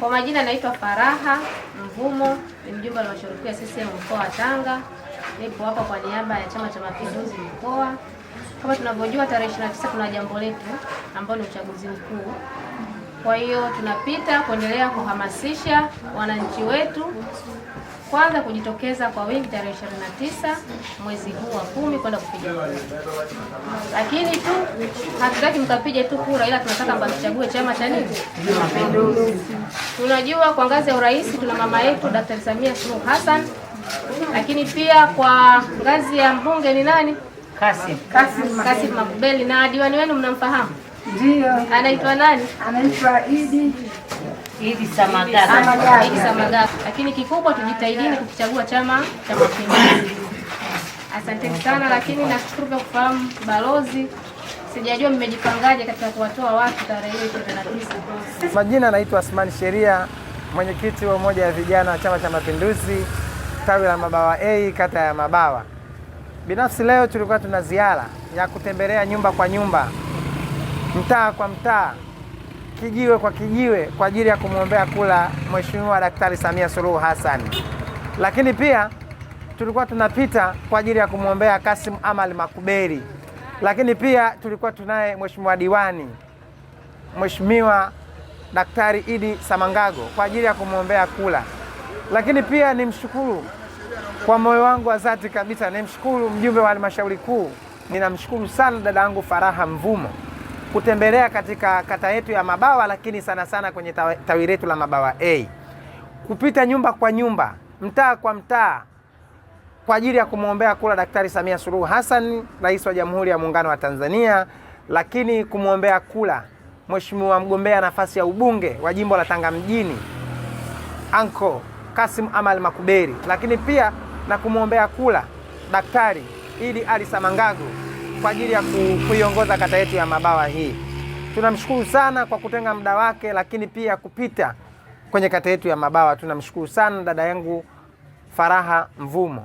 Kwa majina naitwa Faraha Mvumo, ni mjumbe wa halmashauri ya CCM mkoa wa Tanga. Nipo hapa kwa niaba ya Chama cha Mapinduzi mkoa. Kama tunavyojua, tarehe 29 kuna jambo letu ambalo ni uchaguzi mkuu kwa hiyo tunapita kuendelea kuhamasisha wananchi wetu kwanza kujitokeza kwa wingi tarehe 29 mwezi huu wa kumi kwenda kupiga kura. Lakini tu hatutaki mkapige tu kura, ila tunataka mkachague chama cha nini? Mapinduzi. Tunajua kwa ngazi ya urais tuna mama yetu Daktari Samia Suluhu Hassan, lakini pia kwa ngazi ya mbunge ni nani? Kasim Kasim Makubeli, na diwani wenu mnamfahamu ndio. Anaitwa nani? Anaitwa Idi. Idi Samagaga. Idi Samagaga. Lakini kikubwa tujitahidini kukichagua Chama cha Mapinduzi. Asanteni sana, lakini nashukuru kwa kufahamu balozi. Sijajua mmejipangaje katika kuwatoa watu tarehe 29. Majina naitwa Asmani Sheria, mwenyekiti wa umoja wa vijana wa Chama cha Mapinduzi tawi la Mabawa A kata ya Mabawa. Binafsi leo tulikuwa tuna ziara ya kutembelea nyumba kwa nyumba mtaa kwa mtaa, kijiwe kwa kijiwe, kwa ajili ya kumwombea kula Mheshimiwa Daktari Samia Suluhu Hassan. Lakini pia tulikuwa tunapita kwa ajili ya kumwombea Kasim Amal Makuberi. Lakini pia tulikuwa tunaye Mheshimiwa diwani Mheshimiwa Daktari Idi Samangago kwa ajili ya kumwombea kula. Lakini pia nimshukuru kwa moyo wangu wa dhati kabisa, nimshukuru mjumbe wa halmashauri kuu, ninamshukuru sana dada yangu Faraha Mvumo kutembelea katika kata yetu ya Mabawa, lakini sana sana kwenye tawi letu la Mabawa A, kupita nyumba kwa nyumba, mtaa kwa mtaa kwa ajili ya kumwombea kura Daktari Samia Suluhu Hassan, Rais wa Jamhuri ya Muungano wa Tanzania, lakini kumwombea kura Mheshimiwa mgombea nafasi ya ubunge wa jimbo la Tanga mjini Anko Kasim Amal Makuberi, lakini pia na kumwombea kura Daktari Idi Ali Samangago kwa ajili ya kuiongoza kata yetu ya Mabawa hii. Tunamshukuru sana kwa kutenga muda wake, lakini pia kupita kwenye kata yetu ya Mabawa. Tunamshukuru sana dada yangu Faraha Mvumo.